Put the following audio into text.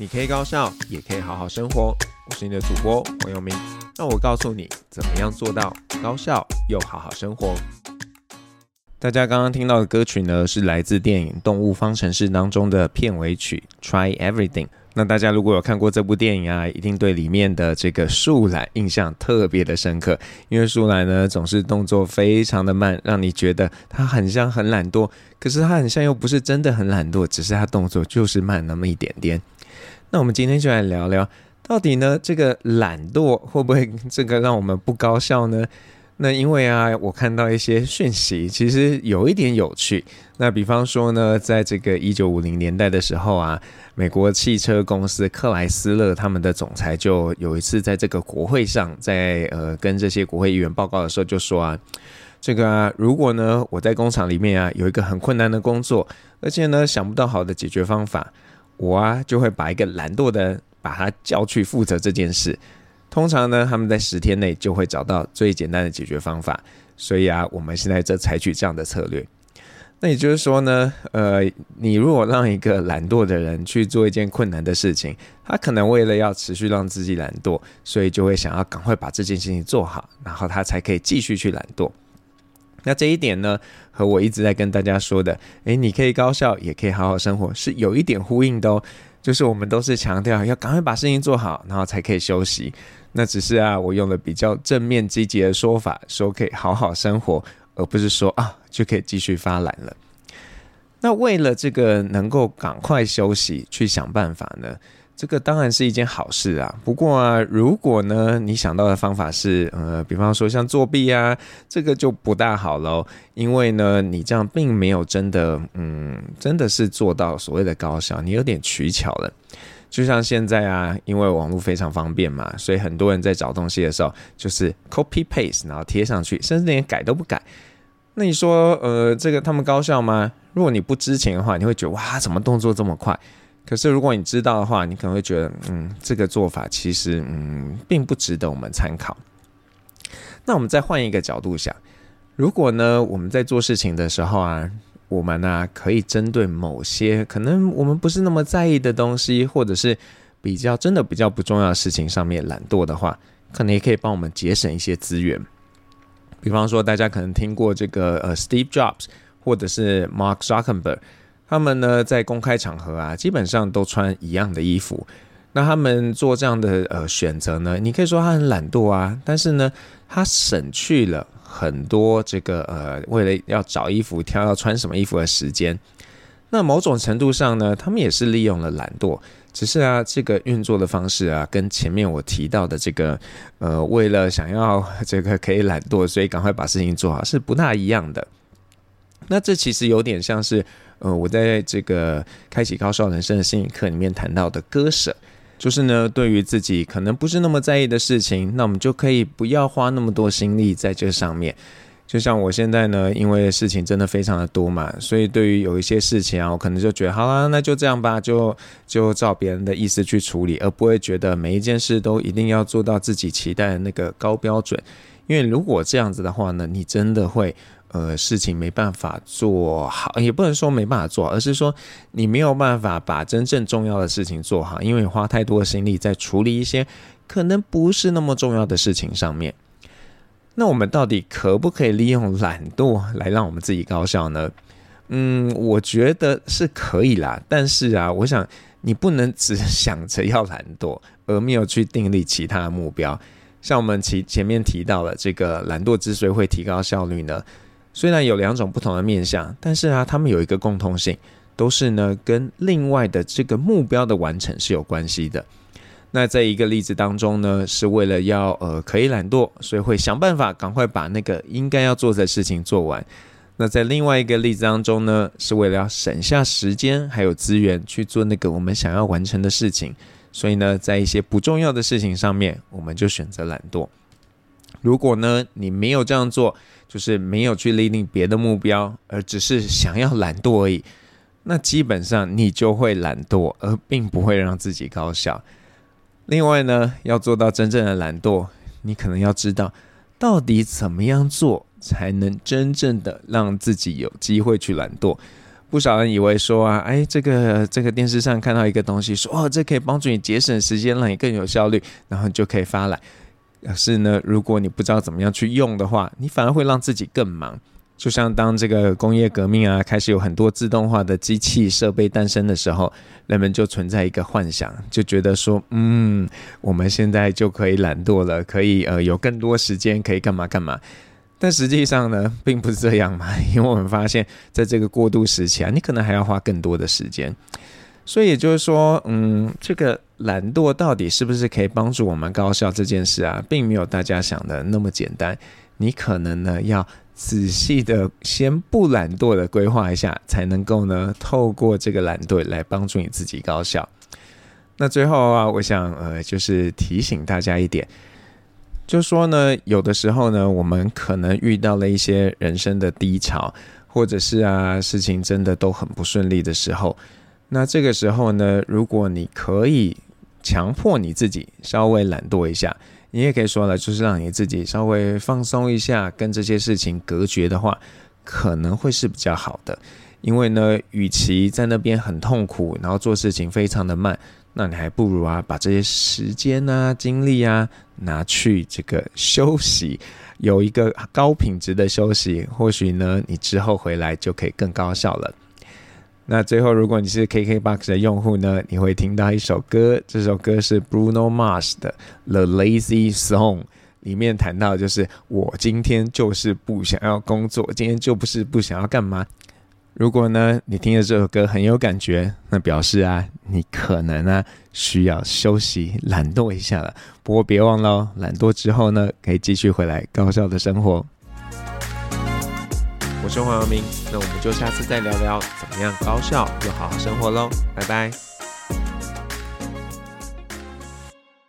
你可以高效，也可以好好生活。我是你的主播黃友明，那我告訴你怎麼樣做到高效又好好生活。大家剛剛聽到的歌曲呢，是來自電影《動物方程式》當中的片尾曲《Try Everything》。那大家如果有看過這部電影啊，一定對裡面的這個樹懶印象特別的深刻，因為樹懶呢總是動作非常的慢，讓你覺得它很像很懶惰，可是它很像又不是真的很懶惰，只是它動作就是慢那麼一點點。那我們今天就來聊聊，到底呢這個懶惰會不會這個讓我們不高效呢？那因為啊，我看到一些訊息，其實有一點有趣。那比方說呢，在這個一九五零年代的時候啊，美國汽車公司克萊斯勒他們的總裁就有一次在這個國會上，在呃跟這些國會議員報告的時候就說啊，這個啊，如果呢我在工廠裡面啊有一個很困難的工作，而且呢想不到好的解決方法。我啊，就會把一個懶惰的人，把他叫去負責這件事。通常呢，他們在十天內就會找到最簡單的解決方法。所以啊，我們現在就採取這樣的策略。那也就是說呢，呃，你如果讓一個懶惰的人去做一件困難的事情，他可能為了要持續讓自己懶惰，所以就會想要趕快把這件事情做好，然後他才可以繼續去懶惰。那這一點呢，和我一直在跟大家說的，誒、欸，你可以高效，也可以好好生活，是有一點呼應的哦。就是我們都是強調要趕快把事情做好，然後才可以休息。那只是啊，我用了比較正面積極的說法，說可以好好生活，而不是說啊，就可以繼續發懶了。那為了這個能夠趕快休息，去想辦法呢？這個當然是一件好事啊，不過啊，如果呢，你想到的方法是，呃，比方說像作弊啊，這個就不大好咯因為呢，你這樣並沒有真的，嗯，真的是做到所謂的高效，你有點取巧了。就像現在啊，因為網絡非常方便嘛，所以很多人在找東西的時候就是 copy paste，然後貼上去，甚至連改都不改。那你說，呃，這個他們高效嗎？如果你不知情的話，你會覺得哇，怎麼動作這麼快？可是，如果你知道的話，你可能會覺得，嗯，這個做法其實，嗯，並不值得我們參考。那我們再換一個角度想，如果呢，我們在做事情的時候啊，我們呢、啊、可以針對某些可能我們不是那麼在意的東西，或者是比較真的比較不重要的事情上面懶惰的話，可能也可以幫我們節省一些資源。比方說，大家可能聽過這個呃，Steve Jobs，或者是 Mark Zuckerberg。他們呢，在公開場合啊，基本上都穿一樣的衣服。那他們做這樣的呃選擇呢，你可以說他很懶惰啊，但是呢，他省去了很多這個呃，為了要找衣服、挑要穿什麼衣服的時間。那某種程度上呢，他們也是利用了懶惰，只是啊，這個運作的方式啊，跟前面我提到的這個呃，為了想要這個可以懶惰，所以趕快把事情做好，是不大一樣的。那這其實有點像是，呃，我在這個開啟高效人生的心理課裡面談到的割捨，就是呢，對於自己可能不是那麼在意的事情，那我們就可以不要花那麼多心力在這上面。就像我現在呢，因為事情真的非常的多嘛，所以對於有一些事情啊，我可能就覺得，好啦，那就這樣吧，就就照別人的意思去處理，而不會覺得每一件事都一定要做到自己期待的那個高標準。因為如果這樣子的話呢，你真的會。呃，事情沒辦法做好，也不能說沒辦法做，而是說你沒有辦法把真正重要的事情做好，因為花太多的心力在處理一些可能不是那麼重要的事情上面。那我們到底可不可以利用懶惰來讓我們自己高效呢？嗯，我覺得是可以啦，但是啊，我想你不能只想着要懶惰，而沒有去訂立其他的目標。像我們前前面提到了，這個懶惰之所以會提高效率呢，雖然有兩種不同的面向，但是啊，他們有一個共通性，都是呢，跟另外的這個目標的完成是有關係的。那在一個例子當中呢，是為了要呃可以懶惰，所以會想辦法趕快把那個應該要做的事情做完。那在另外一個例子當中呢，是為了要省下時間還有資源去做那個我們想要完成的事情，所以呢，在一些不重要的事情上面，我們就選擇懶惰。如果呢，你沒有這樣做，就是沒有去立定別的目標，而只是想要懶惰而已，那基本上你就會懶惰，而並不會讓自己高效。另外呢，要做到真正的懶惰，你可能要知道到底怎麼樣做才能真正的讓自己有機會去懶惰。不少人以為說啊，誒、哎，這個這個電視上看到一個東西，說哦，這可以幫助你節省時間，讓你更有效率，然後你就可以發懶。可是呢，如果你不知道怎麼樣去用的話，你反而會讓自己更忙。就像當這個工業革命啊開始有很多自動化的機器設備誕生的時候，人們就存在一個幻想，就覺得說，嗯，我們現在就可以懶惰了，可以呃有更多時間可以幹嘛幹嘛。但實際上呢，並不是這樣嘛，因為我們發現在這個過渡時期啊，你可能還要花更多的時間。所以就是說，嗯，這個懶惰到底是不是可以幫助我們高效這件事啊，並沒有大家想的那麼簡單。你可能呢要仔細的先不懶惰的規劃一下，才能夠呢透過這個懶惰來幫助你自己高效。那最後啊，我想呃，就是提醒大家一點，就是說呢，有的時候呢，我們可能遇到了一些人生的低潮，或者是啊事情真的都很不順利的時候。那這個時候呢，如果你可以強迫你自己稍微懶惰一下，你也可以說了，就是讓你自己稍微放鬆一下，跟這些事情隔絕的話，可能會是比較好的。因為呢，與其在那邊很痛苦，然後做事情非常的慢，那你還不如啊，把這些時間啊、精力啊拿去這個休息，有一個高品質的休息，或許呢，你之後回來就可以更高效了。那最後，如果你是 KKBOX 的用戶呢，你會聽到一首歌，這首歌是 Bruno Mars 的《The Lazy Song》，裡面談到就是我今天就是不想要工作，今天就不是不想要幹嘛。如果呢，你聽了這首歌很有感覺，那表示啊，你可能啊需要休息懶惰一下了。不過別忘了，懶惰之後呢，可以繼續回來高效的生活。我是黃耀明，那我們就下次再聊聊怎麼樣高效又好好生活嘍，拜拜。